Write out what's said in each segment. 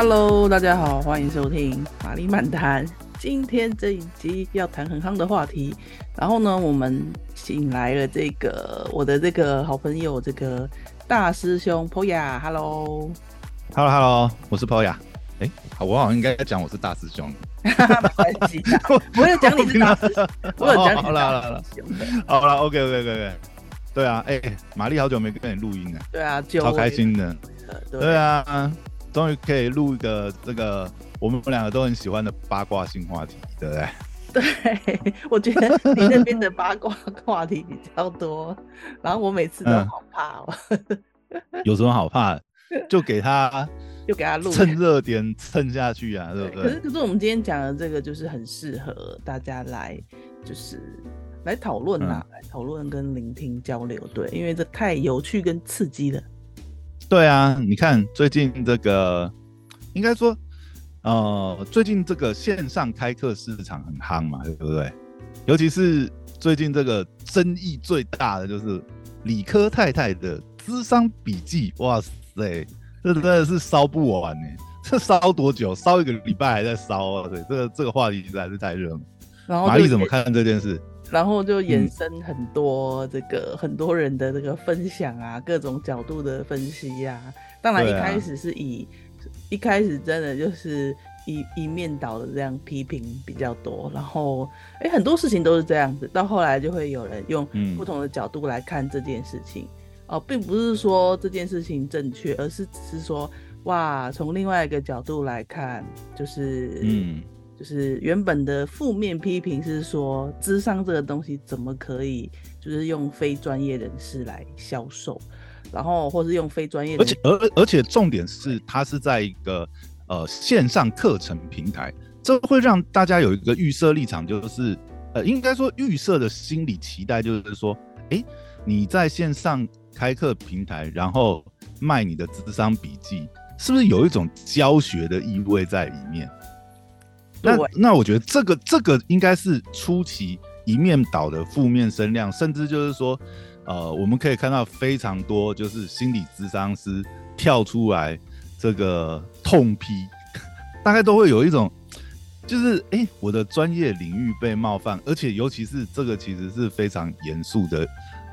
Hello，大家好，歡迎收聽瑪麗漫談。今天這一集要談很夯的話題。然後呢，我們請來了這個我的這個好朋友，這個大師兄 Poya Hello，Hello，Hello，hello, 我是 Poya 哎，好，我好像應該講我是大師兄。哈哈哈哈，我有講我你是大師兄我，我有講大師兄的。好了，OK，OK，OK，對啊，哎，瑪麗好，好，好，好，好、欸、好久沒跟你錄音了。對啊，就好開心的。對，對，對啊。終於可以錄一個這個我們兩個都很喜歡的八卦性話題，對不對？對，我覺得你那邊的八卦話題比較多， 然後我每次都好怕哦。 有什麼好怕的？就給他趁熱點蹭、啊，就給他錄，趁熱點蹭下去啊，對不對？可是可是我們今天講的這個就是很適合大家來就是來討論啊，嗯、來討論跟聆聽交流，對，因為這太有趣跟刺激了。對啊，你看最近這個，應該說，呃，最近這個線上開課市場很夯嘛，對不對？尤其是最近這個爭議最大的就是理科太太的《諮商筆記》，哇塞，這真的是燒不完哎！這燒多久？燒一個禮拜還在燒啊！對，這個這個話題其實還是太熱了。馬麗怎麼看這件事？然後就衍生很多這個、嗯、很多人的這個分享啊，各種角度的分析呀、啊。當然一開始是以、啊、一開始真的就是一一面倒的這樣批評比較多。然後誒很多事情都是這樣子，到後來就會有人用不同的角度來看這件事情、嗯、哦，並不是說這件事情正確，而是只是說哇，從另外一個角度來看，就是嗯。就是原本的負面批評是說，諮商這個東西怎麼可以就是用非專業人士來銷售，然後或是用非專業人士。而且而而且重點是，它是在一個呃線上課程平台，這會讓大家有一個預設立場，就是呃應該說預設的心理期待就是說，欸，你在線上開課平台，然後賣你的諮商筆記，是不是有一種教學的意味在裡面？那那我覺得這個這個應該是初期一面倒的負面聲量，甚至就是說，呃，我們可以看到非常多就是心理諮商師跳出來這個痛批，大概都會有一種，就是誒、欸，我的專業領域被冒犯，而且尤其是這個其實是非常嚴肅的，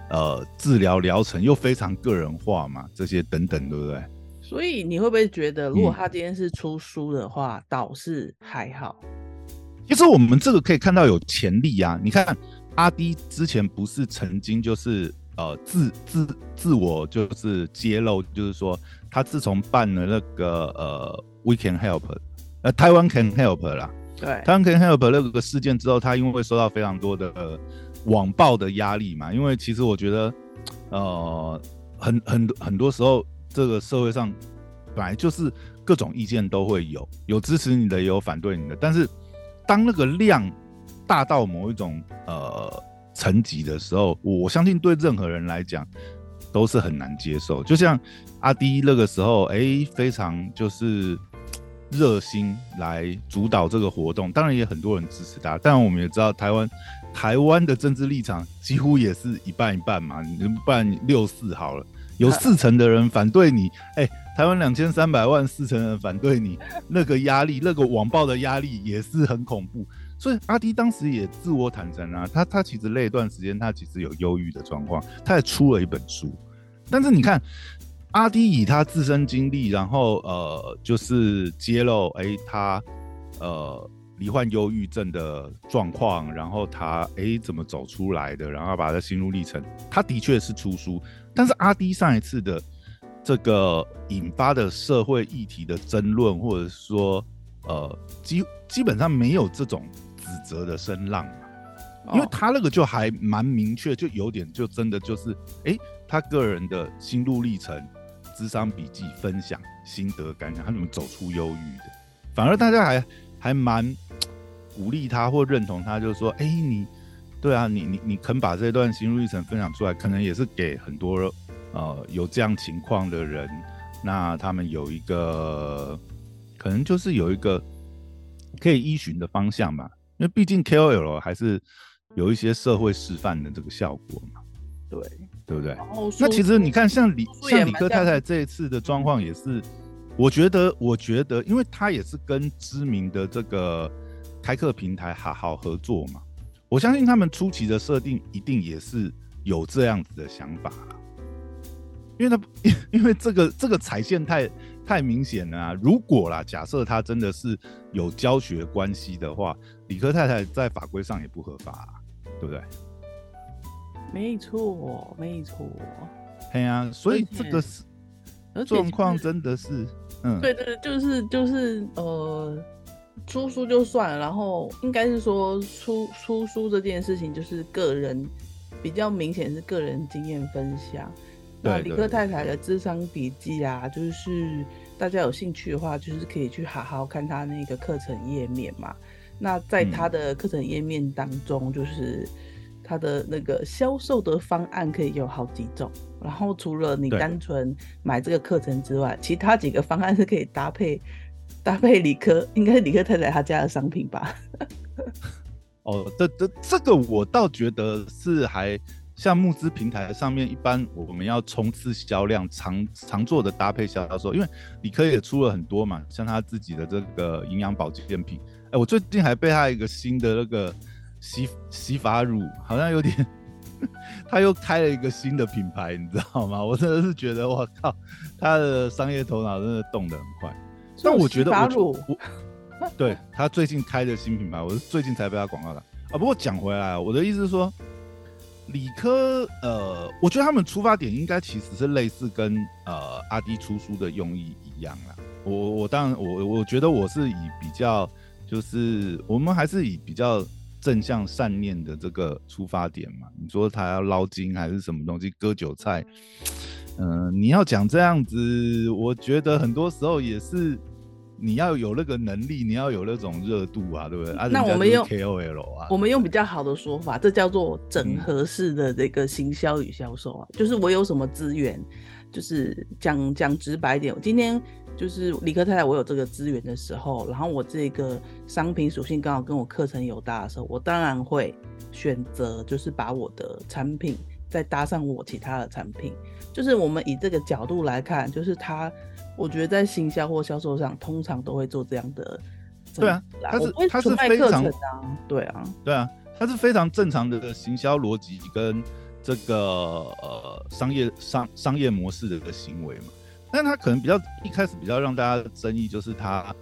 呃，治療療程又非常個人化嘛，這些等等，對不對？所以你會不會覺得，如果他今天是出書的話，嗯、倒是還好？其實我們這個可以看到有潛力啊！你看阿滴之前不是曾經就是呃自自自我就是揭露，就是說他自從辦了那個呃 We Can Help，呃台灣 Can Help 啦，對，台灣 Can Help 那個事件之後，他因為會受到非常多的呃網暴的壓力嘛，因為其實我覺得呃很很多很多時候。這個社會上本來就是各種意見都會有，有支持你的，也有反對你的。但是當那個量大到某一種呃層級的時候，我相信對任何人來講都是很難接受。就像阿滴那個時候，哎、欸，非常就是熱心來主導這個活動，當然也很多人支持他。但我們也知道臺，臺灣臺灣的政治立場幾乎也是一半一半嘛，一半六四好了。他 有四成的人反對你，哎、欸，台灣兩千三百萬四成人反對你，那個壓力，那個網暴的壓力也是很恐怖。所以阿滴當時也自我坦誠啊，他他其實那段時間他其實有憂鬱的狀況，他也出了一本書。但是你看，阿滴以他自身經歷，然後呃，就是揭露，欸、他呃罹患憂鬱症的狀況，然後他、欸、怎麼走出來的，然後把他心路歷程，他的確是出書。但是阿滴上一次的這個引發的社會議題的爭論，或者說呃基基本上沒有這種指責的聲浪嘛，哦、因為他那個就還蠻明確，就有點就真的就是哎、欸，他個人的心路歷程、諮商筆記分享、心得感想，他怎麼走出憂鬱的，反而大家還還蠻鼓勵他或認同他，就是說哎、欸、你。對啊，你你你肯把這段心路歷程分享出來，可能也是給很多呃有這樣情況的人，那他們有一個可能就是有一個可以依循的方向嘛。因為畢竟 KOL 還是有一些社會示範的這個效果嘛，對，對不對？說說，那其實你看，像理說說，像理科太太這一次的狀況也是，嗯、我覺得我覺得，因為他也是跟知名的這個開課平台好好合作嘛。我相信他們初期的設定一定也是有這樣子的想法啦，因為他因為這個這個踩線太太明顯了、啊。如果啦，假設他真的是有教學關係的話，理科太太在法規上也不合法，對不對？沒錯，沒錯。對啊，所以這個是狀況真的是，就是、嗯，對對，就是就是呃。出書就算了，然後應該是說出出書這件事情就是個人比較明顯是個人經驗分享。對對對，那理科太太的諮商筆記啊，就是大家有興趣的話，就是可以去好好看他那個課程頁面嘛。那在他的課程頁面當中，就是他的那個銷售的方案可以有好幾種，然後除了你單純買這個課程之外，對其他幾個方案是可以搭配。搭配理科，應該是理科太太他家的商品吧？ 哦，這這這個我倒覺得是還像募資平台上面一般，我們要衝刺銷量，常常做的搭配銷售。因為理科也出了很多嘛，像他自己的這個營養保健品。哎、欸，我最近還被他一個新的那個洗洗髮乳，好像有點， 他又開了一個新的品牌，你知道嗎？我真的是覺得，我靠，他的商業頭腦真的動得很快。但我覺得我覺得我對他最近開的新品牌，我是最近才被他廣告的啊。不過講回來，我的意思是說，理科呃，我覺得他們出發點應該其實是類似跟呃阿滴出書的用意一樣啦。我我當然我我覺得我是以比較就是我們還是以比較正向善念的這個出發點嘛。你說他要撈金還是什麼東西割韭菜？嗯，你要講這樣子，我覺得很多時候也是。你要有那個能力，你要有那種熱度啊，對不對？那我們用 KOL 啊，我們用比較好的說法，這叫做整合式的這個行銷與銷售啊。嗯、就是我有什麼資源，就是講講直白點，我今天就是理科太太，我有這個資源的時候，然後我這個商品屬性剛好跟我課程有搭的時候，我當然會選擇，就是把我的產品再搭上我其他的產品。就是我們以這個角度來看，就是它。我覺得在行銷或銷售上，通常都會做這樣的，對啊，它是它是非常，啊對啊，對啊，它是非常正常的行銷邏輯跟這個呃商業商商業模式的一個行為嘛。但它可能比較一開始比較讓大家爭議，就是它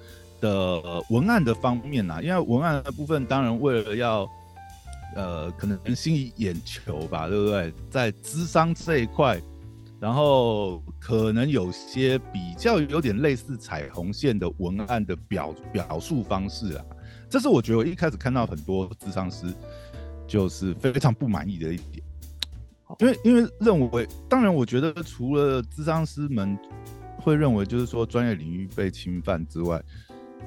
的文案的方面啊。因為文案的部分當然為了要呃可能吸引眼球吧，對不對？在諮商這一塊。然後可能有些比較有點類似彩虹線的文案的表表述方式啊，這是我覺得我一開始看到很多諮商師，就是非常不滿意的一點，因為因為認為，當然我覺得除了諮商師們會認為就是說專業領域被侵犯之外，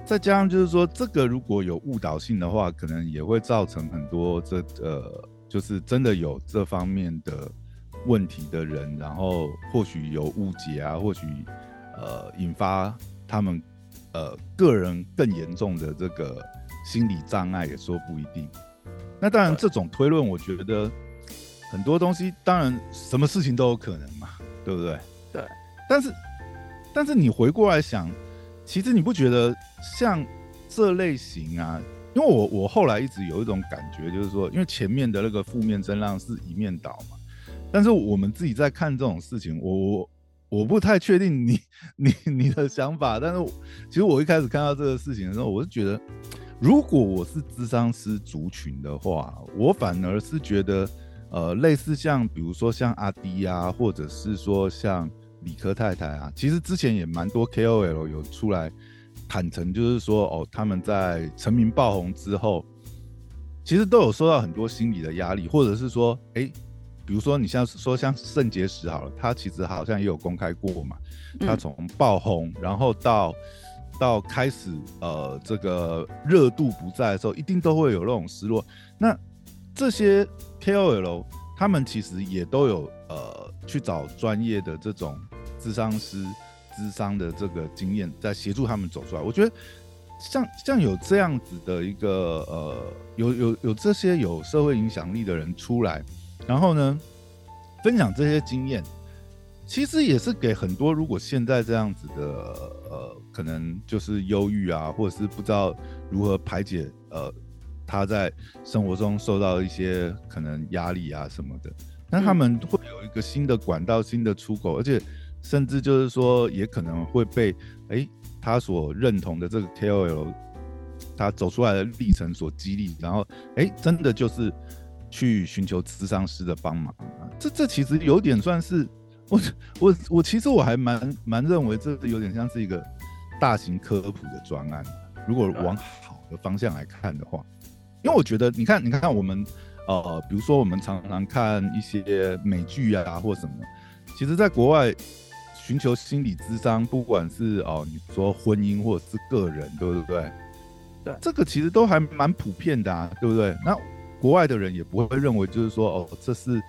再加上就是說這個如果有誤導性的話，可能也會造成很多這呃，就是真的有這方面的。問題的人，然後或許有誤解啊，或許呃引發他們呃個人更嚴重的這個心理障礙，也說不一定。那當然，這種推論，我覺得很多東西，對當然什麼事情都有可能嘛，對不對？對。但是，但是你回過來想，其實你不覺得像這類型啊？因為我我後來一直有一種感覺，就是說，因為前面的那個負面聲浪是一面倒嘛。但是我們自己在看這種事情，我我我不太確定你你你的想法。但是其實我一開始看到這個事情的時候，我是覺得，如果我是諮商師族群的話，我反而是覺得，呃，類似像比如說像阿滴啊，或者是說像理科太太啊，其實之前也蠻多 KOL 有出來坦誠，就是說哦，他們在成名爆紅之後，其實都有受到很多心理的壓力，或者是說哎。欸比如說，你像說像聖結石好了，他其實好像也有公開過嘛。他從爆紅，然後到、嗯、到開始呃這個熱度不在的時候，一定都會有那種失落。那這些 K O L 他們其實也都有呃去找專業的這種諮商師、諮商的這個經驗，在協助他們走出來。我覺得像像有這樣子的一個呃，有有有這些有社會影響力的人出來。然後呢，分享這些經驗，其實也是給很多如果現在這樣子的呃，可能就是憂鬱啊，或者是不知道如何排解呃，他在生活中受到一些可能壓力啊什麼的，那他們會有一個新的管道、新的出口，而且甚至就是說也可能會被誒他所認同的這個 KOL 他走出來的歷程所激勵，然後哎真的就是。去尋求諮商師的幫忙，啊，這這其實有點算是我我我其實我還蠻蠻認為這個有點像是一個大型科普的專案。如果往好的方向來看的話，因為我覺得你看你看看我們呃，比如說我們常常看一些美劇啊或什麼，其實在國外尋求心理諮商，不管是哦、呃、你說婚姻或者是個人，對不對？對，這個其實都還蠻普遍的啊，對不對？那。國外的人也不會認為就是說哦，這是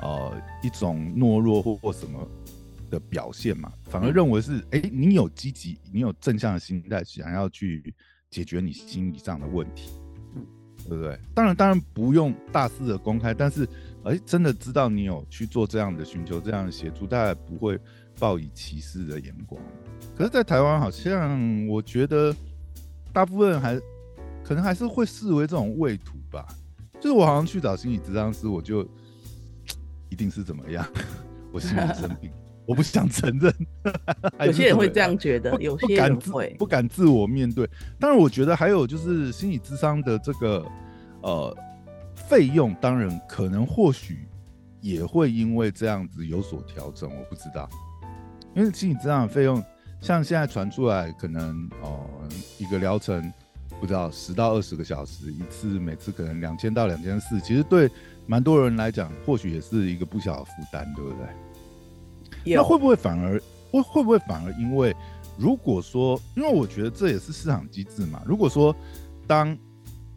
呃一種懦弱、或或什麼的表現嘛，反而認為是哎、嗯，你有積極，你有正向的心態，想要去解決你心理上的問題，對不對？當然，當然不用大肆的公開，但是哎，真的知道你有去做這樣的尋求這樣的協助，大家不會抱以歧視的眼光。可是，在台灣，好像我覺得大部分人還可能還是會視為這種畏途。就是我好像去找心理諮商師，我就一定是怎麼樣？呵呵我心裡生病， 我不想承認。 有些人會這樣覺得，不有些人會不會，不敢自我面對。當然，我覺得還有就是心理諮商的這個呃費用，當然可能或許也會因為這樣子有所調整，我不知道。因為心理諮商的費用，像現在傳出來，可能哦、呃、一個療程。不知道十到二十個小時一次，每次可能兩千到兩千四，其實對蠻多人來講，或許也是一個不小的負擔，對不對？有那會不會反而會會不會反而因為如果說，因為我覺得這也是市場機制嘛。如果說當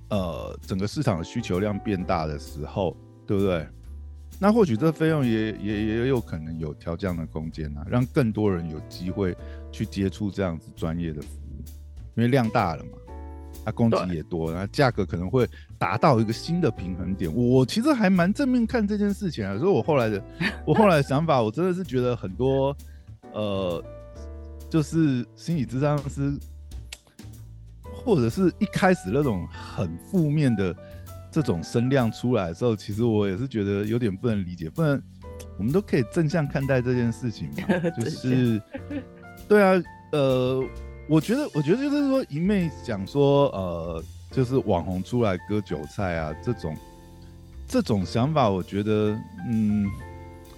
呃整個市場的需求量變大的時候，對不對？那或許這費用也也也有可能有調降的空間啊，讓更多人有機會去接觸這樣子專業的服務，因為量大了嘛。它、啊、供給也多，然後價格可能會達到一個新的平衡點。我其實還蠻正面看這件事情啊，所以我後來的，我後來的想法，我真的是覺得很多，呃，就是心理諮商師，或者是一開始那種很負面的這種聲量出來的時候，其實我也是覺得有點不能理解，不能，我們都可以正向看待這件事情嘛。就是，對啊，呃。我覺得，我覺得就是說，一味講說，呃，就是網紅出來割韭菜啊，這種這種想法，我覺得，嗯，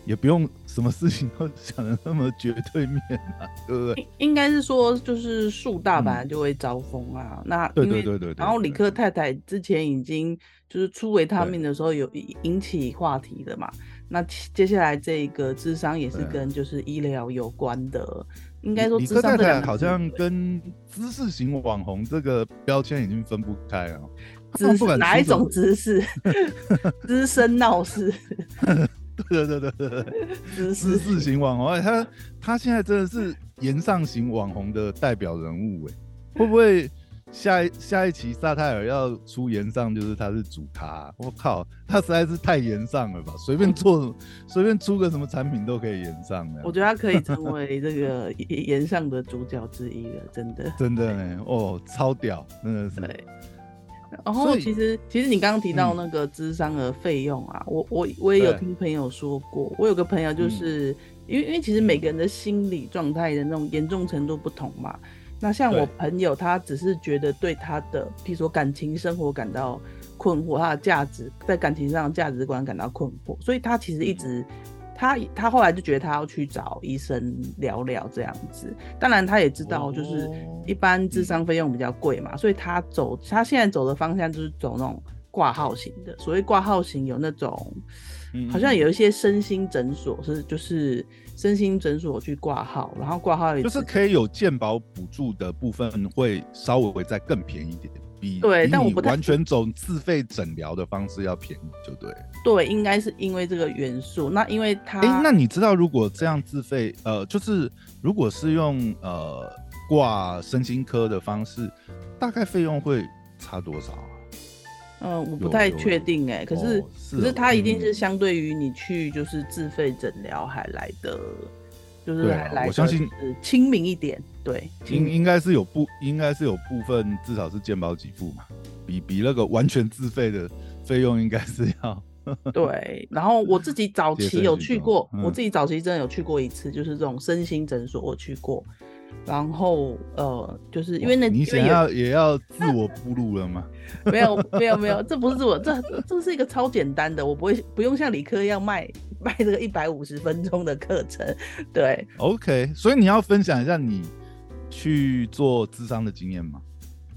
也不用什麼事情都想的那麼絕對面啊，對不對？應該是說，就是樹大本就會招風啊。嗯、那對對對對，然後理科太太之前已經就是出維他命的時候有引起話題的嘛。對那接下來這個諮商也是跟就是醫療有關的。應該說，對對，理科太太好像跟知識型網紅這個標籤已經分不開了、哦。知識哪一種知識？資 深鬧事。 對對對對，對知、識知識型網紅，欸、他他現在真的是炎上型網紅的代表人物哎、欸，會不會？下一下一期薩泰爾要出炎上，就是他是主咖、啊，我靠，他實在是太炎上了吧？隨便做，隨便出個什麼產品都可以炎上。我覺得他可以成為這個炎 上的主角之一了，真的，真的呢，欸，對哦，超屌，真的是。然後其實，以其實你剛剛提到那個諮商和費用啊，嗯、我我我也有聽朋友說過，對我有個朋友就是因為、嗯，因為其實每個人的心理狀態的那種嚴重程度不同嘛。那像我朋友，他只是覺得對他的，對譬如說感情生活感到困惑，他的價值在感情上價值觀感到困惑，所以他其實一直，嗯、他他後來就覺得他要去找醫生聊聊這樣子。當然，他也知道就是一般諮商費用比較貴嘛，哦、所以他走他現在走的方向就是走那種掛號型的。所謂掛號型，有那種好像有一些身心診所嗯嗯是就是。身心診所去掛號，然後掛號就是可以有健保補助的部分，會稍微再更便宜一點，比對，比你完全走自費診療的方式要便宜，就對。對，應該是因為這個元素。那因為它，哎、欸，那你知道如果這樣自費，呃，就是如果是用呃掛身心科的方式，大概費用會差多少？嗯，有我不太確定哎、欸，可是，哦是哦、可是它一定是相對於你去就是自費診療還來的，就是還來，我相信親民一點，對，啊、對，應應該是有部，應該是有部分至少是健保給付嘛，比比那個完全自費的費用應該是要 對，然後我自己早期有去過，嗯、我自己早期真的有去過一次，就是這種身心診所我去過。然後呃，就是因為那，你想要也要自我鋪路了嗎？ 沒有沒有沒有，這不是自我，這這是一個超簡單的，我不會不用像理科一樣賣賣這個一百五十分鐘的課程，對。OK，所以你要分享一下你去做諮商的經驗嗎？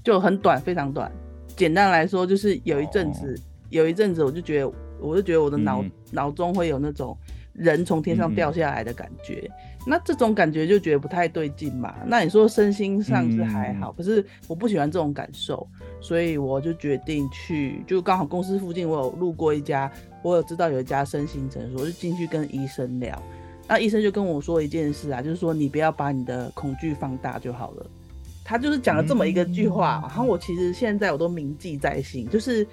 就很短，非常短。簡單來說，就是有一陣子，oh. 有一陣子，我就覺得，我就覺得我的腦、mm hmm. 腦中會有那種人從天上掉下來的感覺。Mm hmm. 那這種感覺就覺得不太對勁嘛。那你說身心上是還好，嗯嗯，可是我不喜歡這種感受，所以我就決定去，就剛好公司附近我有路過一家，我有知道有一家身心診所，我就進去跟醫生聊。那醫生就跟我說一件事啊，就是說你不要把你的恐懼放大就好了。他就是講了這麼一個句話，嗯嗯，然後我其實現在我都銘記在心，就是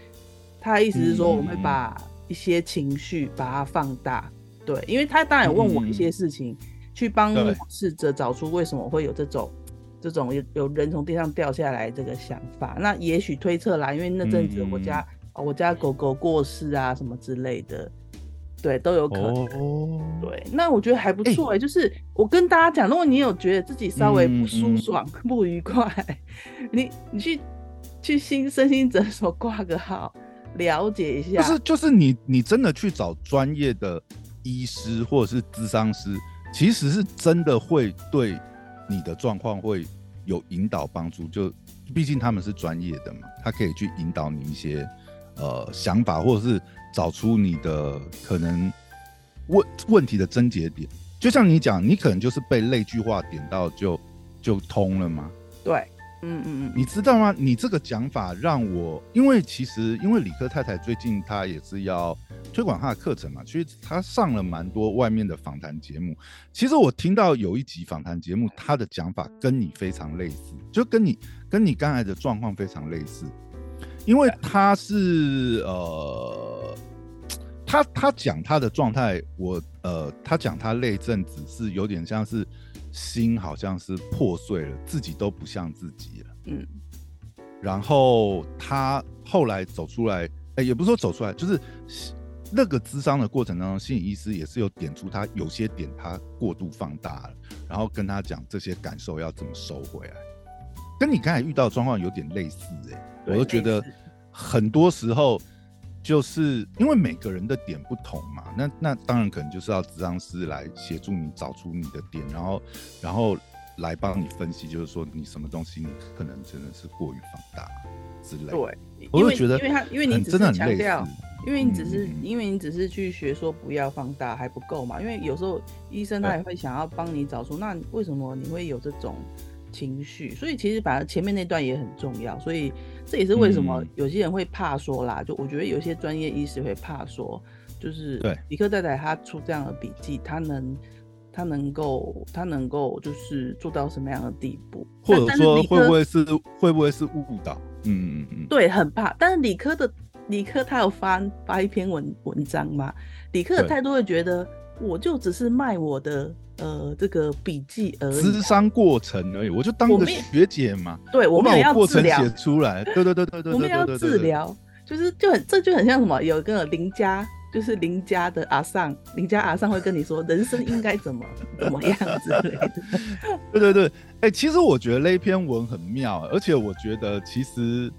他的意思是說，我會把一些情緒把它放大，對，因為他當然也問我一些事情。嗯嗯去幫試着找出為什麼會有這種、對這種有有人從地上掉下來這個想法。那也許推測啦，因為那陣子我家、嗯、我家狗狗過世啊，什麼之類的，對，都有可能。哦、對，那我覺得還不錯哎、欸，欸、就是我跟大家講，如果你有覺得自己稍微不舒爽、不愉快，嗯嗯、 你你去去新身心診所掛個號，了解一下。就是就是你你真的去找專業的醫師或者是諮商師。其實是真的會對你的狀況會有引導幫助，就畢竟他們是專業的嘛，他可以去引導你一些呃想法，或者是找出你的可能問問題的症結點。就像你講，你可能就是被那句話點到就就通了嗎？對。嗯嗯嗯，你知道嗎？你這個講法讓我，因為其實因為理科太太最近她也是要推廣她的課程嘛，所以她上了蠻多外面的訪談節目。其實我聽到有一集訪談節目，他的講法跟你非常類似，就跟你跟你剛才的狀況非常類似，因為他是呃，他他講他的狀態，我呃，他講他那陣子是有點像是。心好像是破碎了，自己都不像自己了。嗯，然後他後來走出來，哎、欸，也不是說走出來，就是那個諮商的過程當中，心理醫師也是有點出他有些點他過度放大了，然後跟他講這些感受要怎麼收回來，跟你剛才遇到的狀況有點類似、欸、對我都覺得很多時候。就是因為每個人的點不同嘛，那那當然可能就是要治療師來協助你找出你的點，然後然後來幫你分析，就是說你什麼東西你可能真的是過於放大之類的。對，因為我就覺得因為他因為你真的很累，因為你只是因為你只是去學說不要放大還不夠嘛，因為有時候醫生他也會想要幫你找出對那為什麼你會有這種情緒？所以其實把前面那段也很重要，所以，這也是為什麼有些人會怕說啦，嗯、就我覺得有些專業醫師會怕說，就是對理科太太他出這樣的筆記，他能他能夠他能夠就是做到什麼樣的地步，或者說會不會是會不會是誤導？嗯嗯嗯嗯，對，很怕。但是理科的理科他有發發一篇文文章嘛？理科的態度會覺得，我就只是賣我的。呃，這個筆記而，諮商過程而已，我就當個學姐嘛。對沒，我有過程寫出來。對對對對對，對，對我們要治療，就是就很這就很像什麼？有一個鄰家，就是鄰家的阿桑，鄰 家阿桑會跟你說人生應該怎麼 怎麼樣之類的。 對對對，哎、欸，其實我覺得那篇文很妙，而且我覺得其實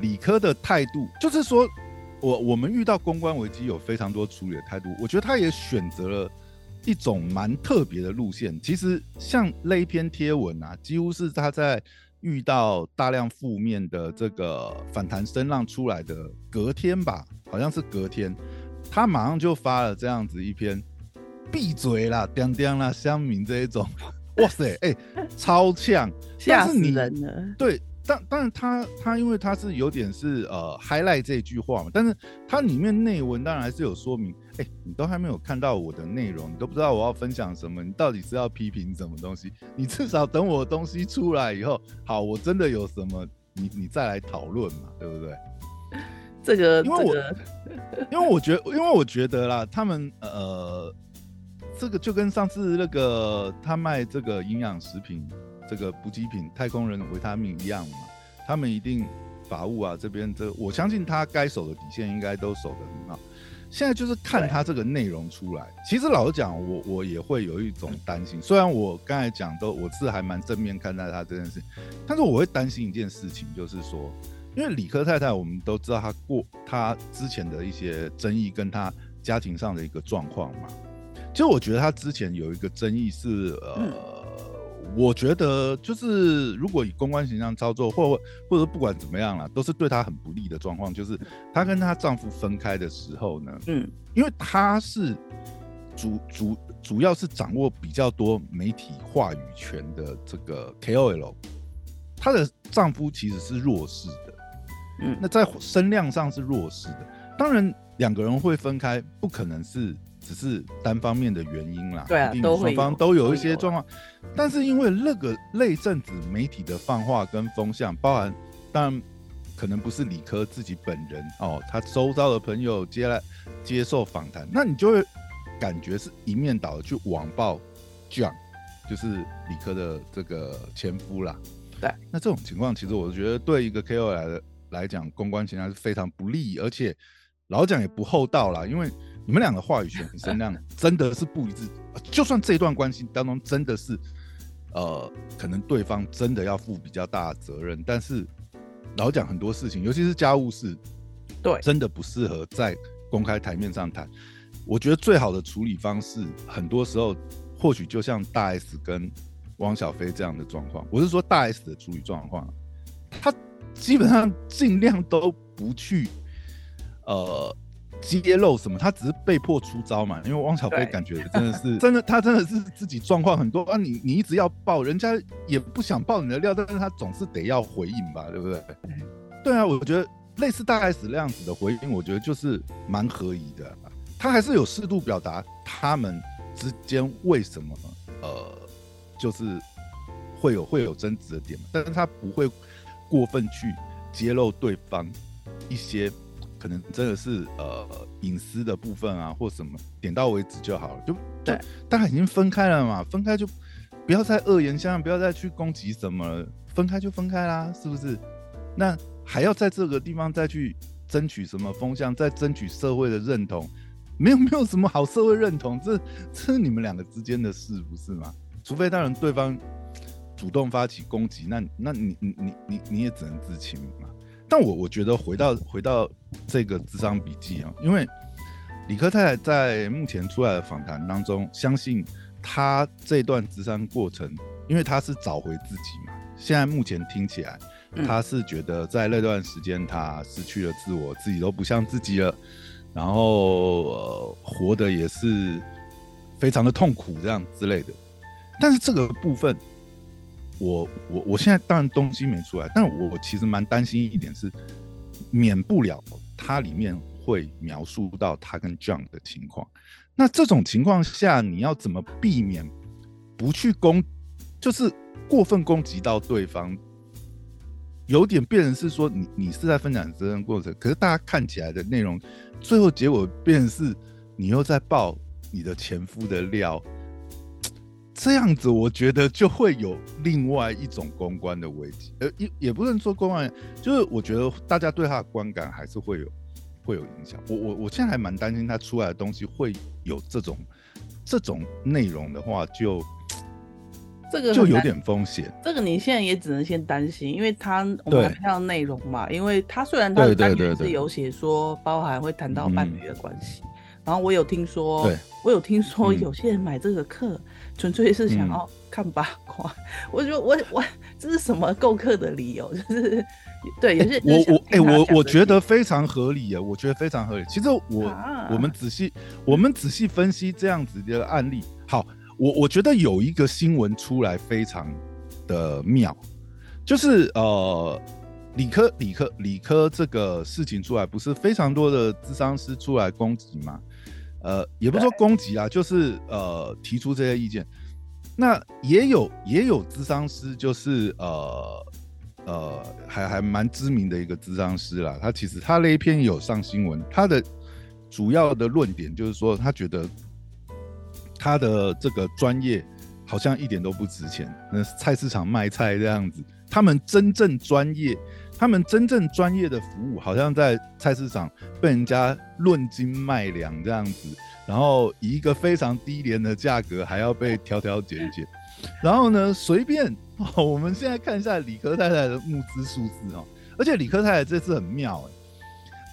理科的態度，就是說，我我們遇到公關危機有非常多處理的態度，我覺得他也選擇了。一種蠻特別的路線，其實像那一篇貼文啊，幾乎是他在遇到大量負面的這個反彈聲浪出來的隔天吧，好像是隔天，他馬上就發了這樣子一篇，閉嘴啦，叮叮啦，鄉民這一種，哇塞，哎、欸，超嗆，嚇 死人了，對。但但是他他因為他是有點是呃 highlight 這句話嘛，但是它裡面內文當然還是有說明，哎，你都還沒有看到我的內容，你都不知道我要分享什麼，你到底是要批評什麼東西？你至少等我東西出來以後，好，我真的有什麼，你你再來討論嘛，對不對？這個，因為我，這個因為我覺得， 因為我覺得啦，他們呃，這個就跟上次那個他賣這個營養食品。這個補給品，太空人的維他命一樣嘛，他們一定法務啊，這邊這個、我相信他該守的底線應該都守得很好。現在就是看他這個內容出來，嗯、其實老實講，我我也會有一種擔心。雖然我剛才講都我是還蠻正面看待他這件事，但是我會擔心一件事情，就是說，因為理科太太我們都知道他過他之前的一些爭議，跟他家庭上的一個狀況嘛。就我覺得他之前有一個爭議是呃。嗯我覺得就是，如果以公關形象操作或，或或者不管怎麼樣啦，都是對她很不利的狀況。就是她跟她丈夫分開的時候呢，嗯，因為她是主主主要是掌握比較多媒體話語權的這個 KOL，她的丈夫其實是弱勢的，嗯，那在聲量上是弱勢的。當然兩個人會分開，不可能是。只是單方面的原因啦，對、啊，雙方都有一些狀況，啊、但是因為那個那陣子媒體的放話跟風向，包含當然可能不是理科自己本人哦，他周遭的朋友接來接受訪談，那你就會感覺是一面倒的去網暴蔣，就是理科的這個前夫啦。對，那這種情況其實我覺得對一個 KOL 來來講，公關情況是非常不利，而且老蔣也不厚道啦，因為。你們兩個話語權跟聲量真的是不一致。 就算這段關係當中真的是，呃，可能對方真的要負比較大的責任，但是老講很多事情，尤其是家務事，對，真的不適合在公開台面上談。我覺得最好的處理方式，很多時候或許就像大 S 跟汪小菲這樣的狀況，我是說大 S 的處理狀況，他基本上盡量都不去，呃。揭露什麼？他只是被迫出招嘛，因為汪小菲感覺真的是，對 真的，他真的是自己狀況很多啊，你。你你一直要爆，人家也不想爆你的料，但是他總是得要回應吧，對不對？對啊，我覺得類似大 S 那樣子的回應，我覺得就是蠻合宜的啊。他還是有適度表達他們之間為什麼呃，就是會有會有爭執的點，但是他不會過分去揭露對方一些。可能真的是呃隱私的部分啊，或什麼點到為止就好了，就，就對，大家已經分開了嘛，分開就不要再惡言相向，不要再去攻擊什麼了，分開就分開啦，是不是？那還要在這個地方再去爭取什麼風向，再爭取社會的認同？沒有，沒有什麼好社會認同，這是這是你們兩個之間的事，不是嗎？除非當然對方主動發起攻擊，那那你你你你也只能自清嘛。但我我覺得回到回到這個諮商筆記啊，因為理科太太在目前出來的訪談當中，相信他這段諮商過程，因為他是找回自己嘛，現在目前聽起來，他是覺得在那段時間他失去了自我，嗯、自己都不像自己了，然後、呃、活得也是非常的痛苦這樣之類的，但是這個部分。我我我現在當然東西沒出來，但我我其實蠻擔心一點是，免不了它裡面會描述到他跟 John 的情況。那這種情況下，你要怎麼避免不去攻，就是過分攻擊到對方？有點變成是說你你是在分享這段過程，可是大家看起來的內容，最後結果變成是你又在爆你的前夫的料，這樣子，我覺得就會有另外一種公關的危機，呃，也也不能說公關，就是我覺得大家對他的觀感還是會有會有影響。我我我現在還蠻擔心他出來的東西會有這種這種內容的話就，就這個就有點風險。這個你現在也只能先擔心，因為他，我們看到內容嘛，對因為他雖然他單元是有寫說對對對對，包含會談到伴侶的關係，嗯、然後我有聽說，對我有聽說有些人買這個課。對嗯純粹是想要看八卦，嗯、我覺得我我，這是什麼購課的理由？就是對，也、欸、是、欸、我我哎我我覺得非常合理啊，我覺得非常合理。其實我、啊、我們仔細我們仔細分析這樣子的案例，好，我我覺得有一個新聞出來非常的妙，就是呃，理科理科理科這個事情出來，不是非常多的諮商師出來攻擊嗎？呃，也不說攻擊啦、啊，就是呃，提出這些意見。那也有也有諮商師，就是呃呃，還還蠻知名的一個諮商師啦。他其實他那一篇有上新聞，他的主要的論點就是說，他覺得他的這個專業好像一點都不值錢，那菜市場賣菜這樣子。他們真正專業。他們真正專業的服務，好像在菜市場被人家論斤賣糧這樣子，然後以一個非常低廉的價格，還要被挑挑揀揀，嗯、然後呢，隨便、哦。我們現在看一下理科太太的募資數字哦。而且理科太太這次很妙哎、欸，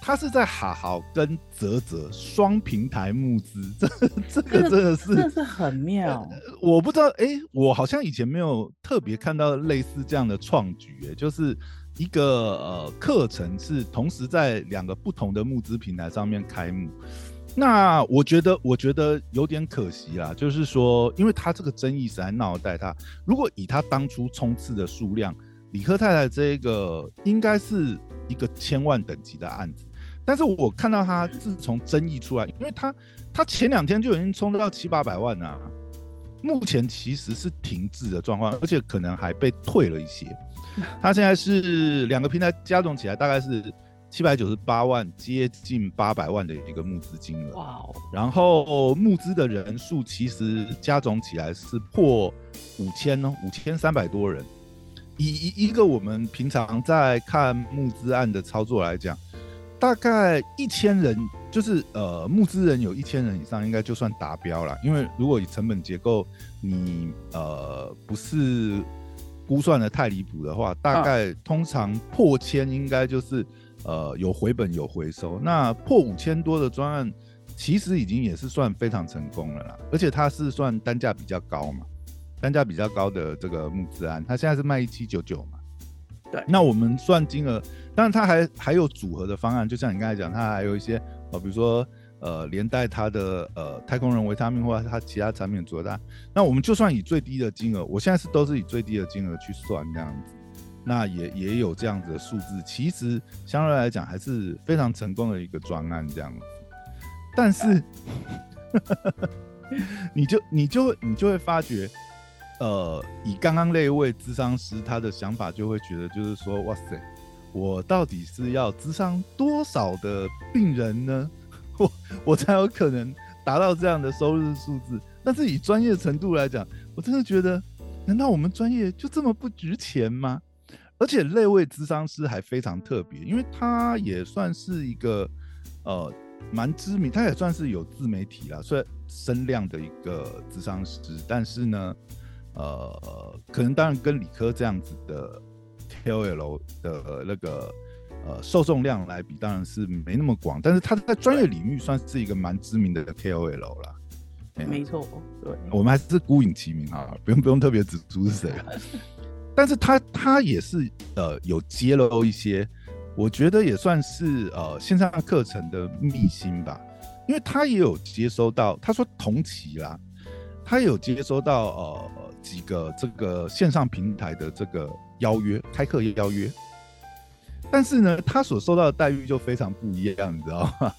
她是在 Hahow 跟嘖嘖雙平台募資，這這個真的是真的是很妙。嗯、我不知道哎、欸，我好像以前沒有特別看到類似這樣的創舉哎，就是。一個呃課程是同時在兩個不同的募資平台上面開幕，那我覺得我覺得有點可惜啦，就是說，因為他這個爭議實在鬧大，他如果以他當初衝刺的數量，理科太太這個應該是一個千萬等級的案子，但是我看到他自從爭議出來，因為他他前兩天就已經衝到七八百萬啊。目前其實是停滯的狀況，而且可能還被退了一些。他現在是兩個平台加總起來，大概是七百九十八萬，接近八百萬的一個募資金額。哇哦！然後募資的人數其實加總起來是破五千哦，五千三百多人。以一一個我們平常在看募資案的操作來講，大概一千人。就是呃，募資人有一千人以上，應該就算達標了。因為如果你成本結構你，你呃不是估算得太離譜的話，大概通常破千應該就是呃有回本有回收。那破五千多的專案，其實已經也是算非常成功了啦。而且它是算單價比較高嘛，單價比較高的這個募資案，它現在是賣一七九九嘛。對，那我們算金額，但是它還還有組合的方案，就像你剛才講，它還有一些。比如說，呃，連帶他的呃太空人維他命，或者他其他產品做大，那我們就算以最低的金額，我現在是都是以最低的金額去算這樣子，那也也有這樣子的數字，其實相對來講還是非常成功的一個專案這樣子，但是， 你就你就你就會發覺，呃，以剛剛那一位諮商師他的想法就會覺得就是說，哇塞。我到底是要諮商多少的病人呢？我我才有可能達到這樣的收入數字。但是以專業程度來講，我真的覺得，難道我們專業就這麼不值錢嗎？而且那位諮商師還非常特別，因為他也算是一個呃蠻知名，他也算是有自媒體啦，所以聲量的一個諮商師。但是呢，呃，可能當然跟理科這樣子的。K O L 的那個呃受眾量來比，當然是沒那麼廣，但是他在專業領域算是一個蠻知名的 K O L 啦。對嗯、沒錯，對，我們還是姑隱其名啊，不用不用特別指出是誰。嗯、但是他他也是呃有揭露一些，我覺得也算是呃線上課程的秘辛吧，因為他也有接收到，他說同期啦。他有接收到呃幾個這個線上平台的這個邀約，開課邀約，但是呢，他所收到的待遇就非常不一樣，你知道嗎？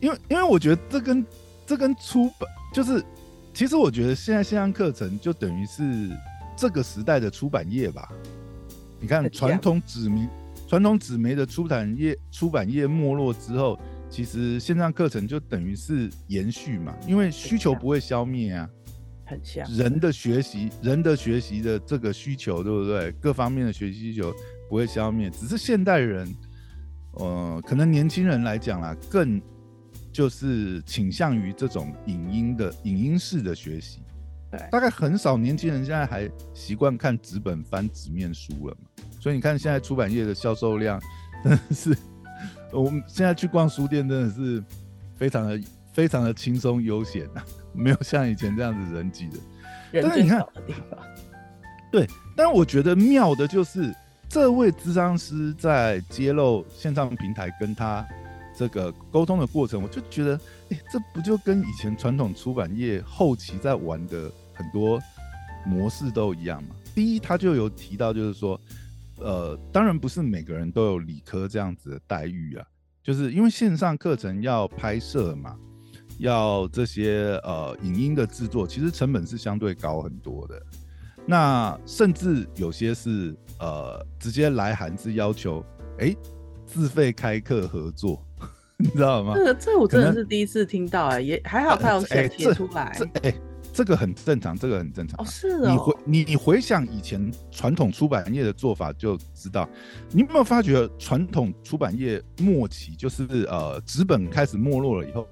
因為因為我覺得這跟這跟出版就是，其實我覺得現在線上課程就等於是這個時代的出版業吧。你看傳統紙媒，傳統紙媒的出版業出版業沒落之後。其實線上課程就等於是延續嘛，因為需求不會消滅啊，很像人的學習，人的學習的這個需求，對不對？各方面的學習需求不會消滅，只是現代人，呃，可能年輕人來講啦，更就是傾向於這種影音的、影音式的學習，對，大概很少年輕人現在還習慣看紙本翻紙面書了嘛，所以你看現在出版業的銷售量，真的是。我們現在去逛書店真的是非常的非常的輕鬆悠閒啊，沒有像以前這樣子人擠人。但是你看，對，但我覺得妙的就是這位諮商師在揭露線上平台跟他這個溝通的過程，我就覺得，誒，這不就跟以前傳統出版業後期在玩的很多模式都一樣嘛？第一，他就有提到，就是說。呃，當然不是每個人都有理科這樣子的待遇啊，就是因為線上課程要拍攝嘛，要這些呃影音的制作，其實成本是相對高很多的。那甚至有些是呃直接來函是要求，哎、欸，自費開課合作， 你知道嗎？這個、呃、這我真的是第一次聽到哎、欸，能啊、也還好他有寫出來。這個很正常，這個很正常，啊哦。是的，哦。你回你你回想以前傳統出版業的做法，就知道。你有沒有發覺，傳統出版業末期就是呃紙本開始沒落了以後，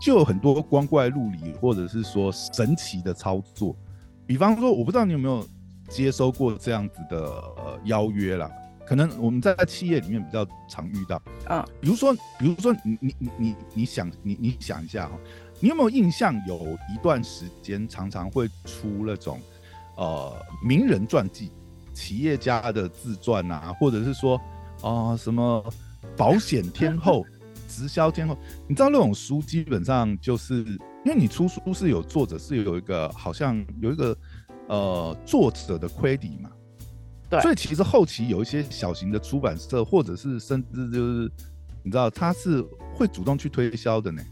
就有很多光怪陸離或者是說神奇的操作。比方說，我不知道你有沒有接收過這樣子的邀約啦？可能我們在企業裡面比較常遇到。啊、嗯，比如說，比如說你你你你想你你想一下，哦你有沒有印象，有一段時間常常會出那種，呃，名人傳記、企業家的自傳啊，或者是說，啊、呃，什麼保險天後、直銷天後， 你知道那種書基本上就是因為你出書是有作者，是有一個好像有一個呃作者的 credit 嘛，對，所以其實後期有一些小型的出版社，或者是甚至就是你知道他是會主動去推銷的呢。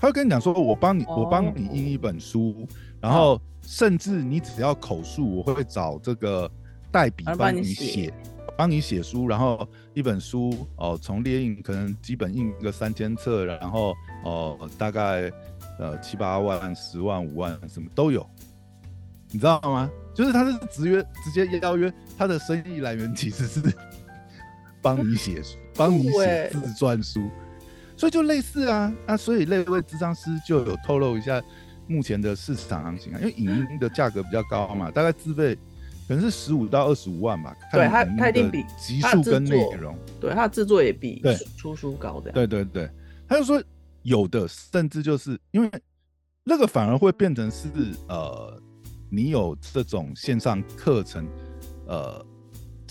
他會跟你講說，我幫你，我幫你印一本書，oh. 然後甚至你只要口述，我會找這個代筆幫你寫，oh. 幫你寫，幫你寫書，然後一本書哦、呃，從列印可能基本印個三千冊，然後哦、呃，大概呃七八萬、十萬、五萬什麼都有，你知道嗎？就是他是直接直接邀約，他的生意來源其實是幫你寫書，幫你寫自傳書。 所以就類似啊，那、啊、所以那位諮商師就有透露一下目前的市場行情啊，因為影音的價格比較高嘛， 大概自費可能是十五到二十五萬吧對。對他，他一定比集數跟內容，對他的制作也比出書，對書，書高。的對對對，他就說有的甚至就是因為那個反而會變成是呃，你有這種線上課程呃。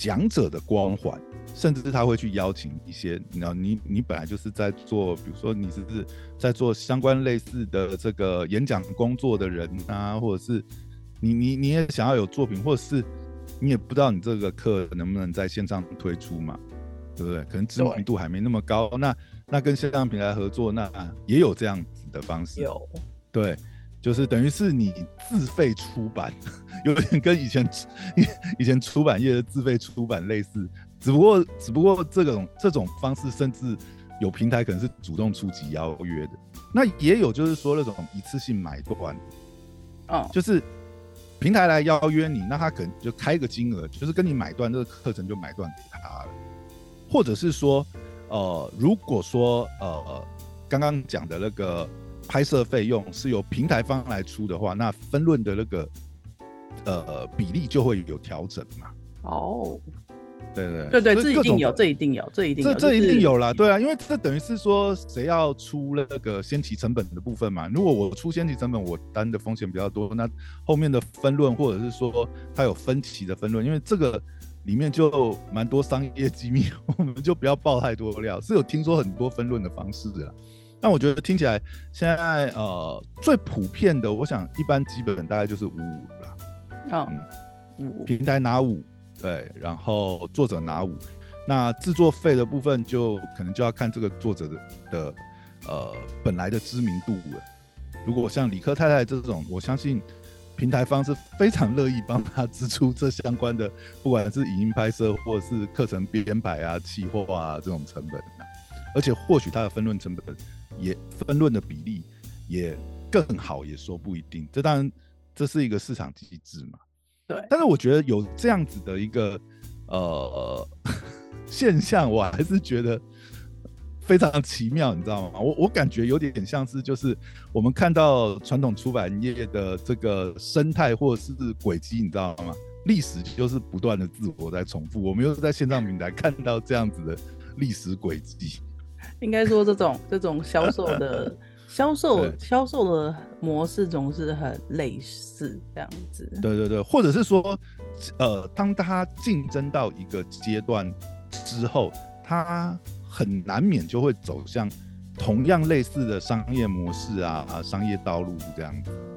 講者的光環，哦、甚至他會去邀請一些，你知道，你你本來就是在做，比如說你只是在做相關類似的這個演講工作的人啊，或者是你你你也想要有作品，或者是你也不知道你這個課能不能在線上推出嘛，對不對？可能知名度還沒那麼高，對那那跟線上平台合作，那也有這樣子的方式，有對。就是等於是你自費出版，有 點跟以前以以前出版業的自費出版類似，只不過只不過這種這種方式，甚至有平台可能是主動出擊邀約的。那也有就是說那種一次性買斷，啊、哦，就是平台來邀約你，那他可能就開個金額，就是跟你買斷這、那個課程就買斷給他了，或者是說呃，如果說呃，剛剛講的那個。拍攝費用是由平台方來出的話，那分論的那個呃比例就會有調整嘛？哦，對對對對，這一定有，這一定有，這一定、就是、這這一定有啦。對啊，因為這等於是說，誰要出那個先期成本的部分嘛？如果我出先期成本，我擔的風險比較多，那後面的分論或者是說它有分歧的分論，因為這個裡面就蠻多商業機密，我們就不要爆太多料。是有聽說很多分論的方式啊。但我覺得聽起來，現在呃最普遍的，我想一般基本大概就是五五吧，oh, 嗯，五舞平台拿五，對，然後作者拿五，那製作費的部分就可能就要看這個作者的的呃本來的知名度了。如果像理科太太這種，我相信平台方是非常樂意幫他支出這相關的，不管是影音拍攝或是課程編排啊、企劃啊這種成本，而且或許他的分潤成本。也分論的比例也更好，也說不一定。這當然這是一個市場機制嘛。對。但是我覺得有這樣子的一個呃現象，我還是覺得非常奇妙，你知道嗎？我我感覺有點像是就是我們看到傳統出版業的這個生態或者是軌跡，你知道嗎？歷史就是不斷的自我在重複，我們又是在線上平台看到這樣子的歷史軌跡。應該說，這種 這種銷售的銷售銷售的模式總是很類似這樣子。對對對，或者是說，呃，當他競爭到一個階段之後，他很難免就會走向同樣類似的商業模式啊啊，商業道路這樣子。